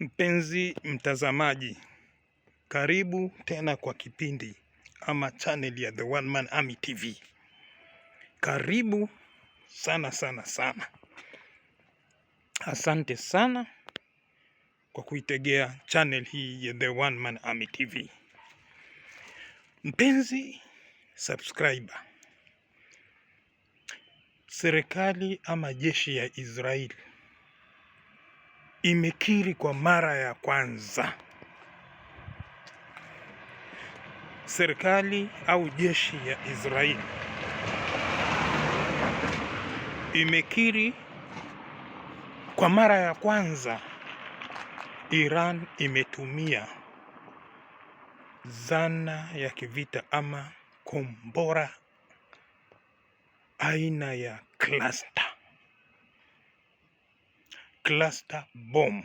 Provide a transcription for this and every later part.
Mpenzi mtazamaji, karibu tena kwa kipindi ama channel ya The One Man Army TV. Karibu sana sana sana, asante sana kwa kuitegea channel hii ya The One Man Army TV. Mpenzi subscriber, serikali ama jeshi ya Israeli imekiri kwa mara ya kwanza serikali au jeshi ya Israeli imekiri kwa mara ya kwanza Iran imetumia zana ya kivita ama kombora aina ya cluster cluster bomb.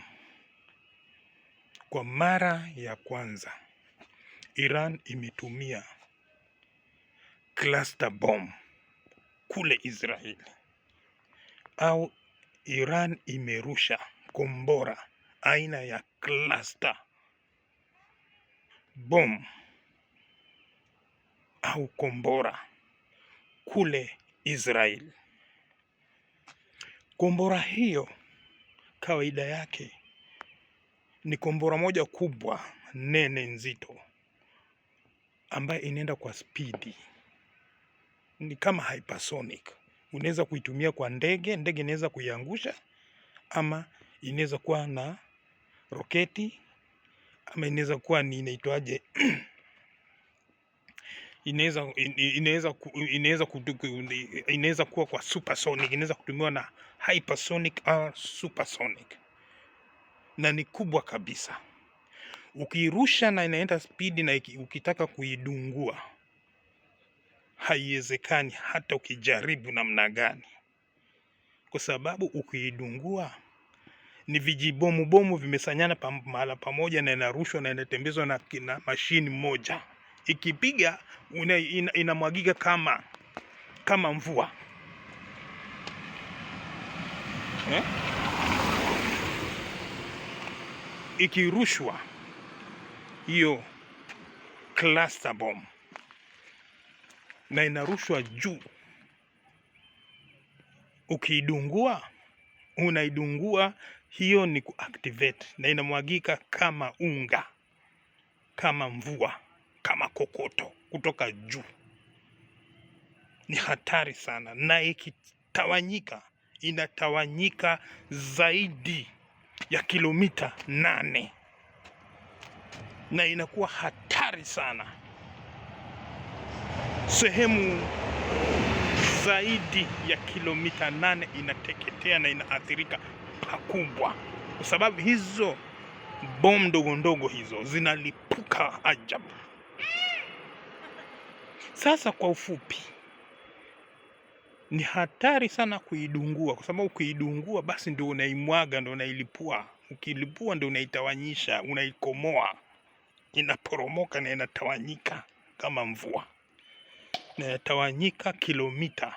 Kwa mara ya kwanza Iran imetumia cluster bomb kule Israeli, au Iran imerusha kombora aina ya cluster bomb au kombora kule Israeli. Kombora hiyo kawaida yake ni kombora moja kubwa nene nzito ambayo inaenda kwa spidi, ni kama hypersonic. Unaweza kuitumia kwa ndege, ndege inaweza kuiangusha, ama inaweza kuwa na roketi, ama inaweza kuwa ni inaitwaje inaweza inaweza inaweza inaweza kuwa kwa supersonic, inaweza kutumiwa na hypersonic au supersonic, na ni kubwa kabisa. Ukiirusha na inaenda spidi, na ukitaka kuidungua haiwezekani, hata ukijaribu namna gani, kwa sababu ukiidungua ni vijibomu bomu vimesanyana mahala pamoja, na inarushwa na inatembezwa na, na mashini moja ikipiga inamwagika ina kama, kama mvua eh? Ikirushwa hiyo cluster bomb na inarushwa juu, ukiidungua unaidungua, hiyo ni kuactivate na inamwagika kama unga, kama mvua kama kokoto kutoka juu. Ni hatari sana, na ikitawanyika inatawanyika zaidi ya kilomita nane na inakuwa hatari sana. Sehemu zaidi ya kilomita nane inateketea na inaathirika pakubwa, kwa sababu hizo bomu ndogo ndogo hizo zinalipuka ajabu. Sasa kwa ufupi, ni hatari sana kuidungua, kwa sababu kuidungua basi ndio unaimwaga, ndio unailipua. Ukilipua ndio unaitawanyisha, unaikomoa, inaporomoka na inatawanyika kama mvua, na inatawanyika kilomita,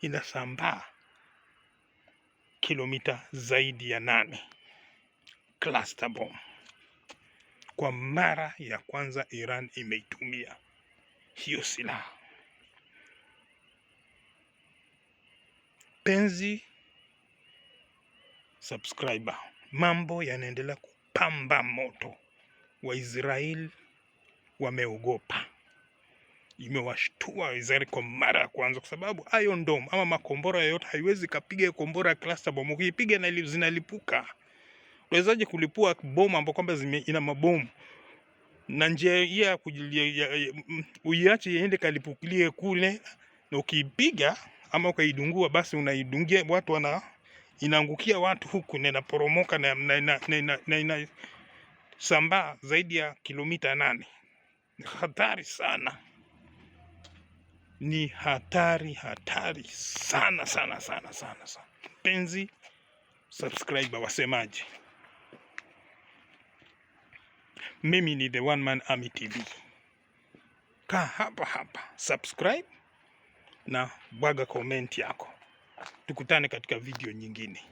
inasambaa kilomita zaidi ya nane. Cluster bomb kwa mara ya kwanza Iran imeitumia hiyo silaha. Penzi subscriber, mambo yanaendelea kupamba moto. Waisraeli wameogopa, imewashtua Waisraeli kwa mara ya kwanza, kwa sababu Iron Dome ama makombora yoyote haiwezi kapiga kombora cluster bomb. Ukiipiga zinalipuka. Unawezaje kulipua bomu ambao kwamba ina mabomu? na njia ya mm, uiache iende kalipukilie kule, na ukiipiga ama ukaidungua, basi unaidungia watu wana inaangukia watu huku na inaporomoka na, na, na, na, na inasambaa zaidi ya kilomita nane. Hatari sana, ni hatari hatari sana sana sana sana sana. Mpenzi subscriber wasemaje? Mimi ni The One Man Army TV. Kaa hapa hapa, subscribe na bwaga comment yako. Tukutane katika video nyingine.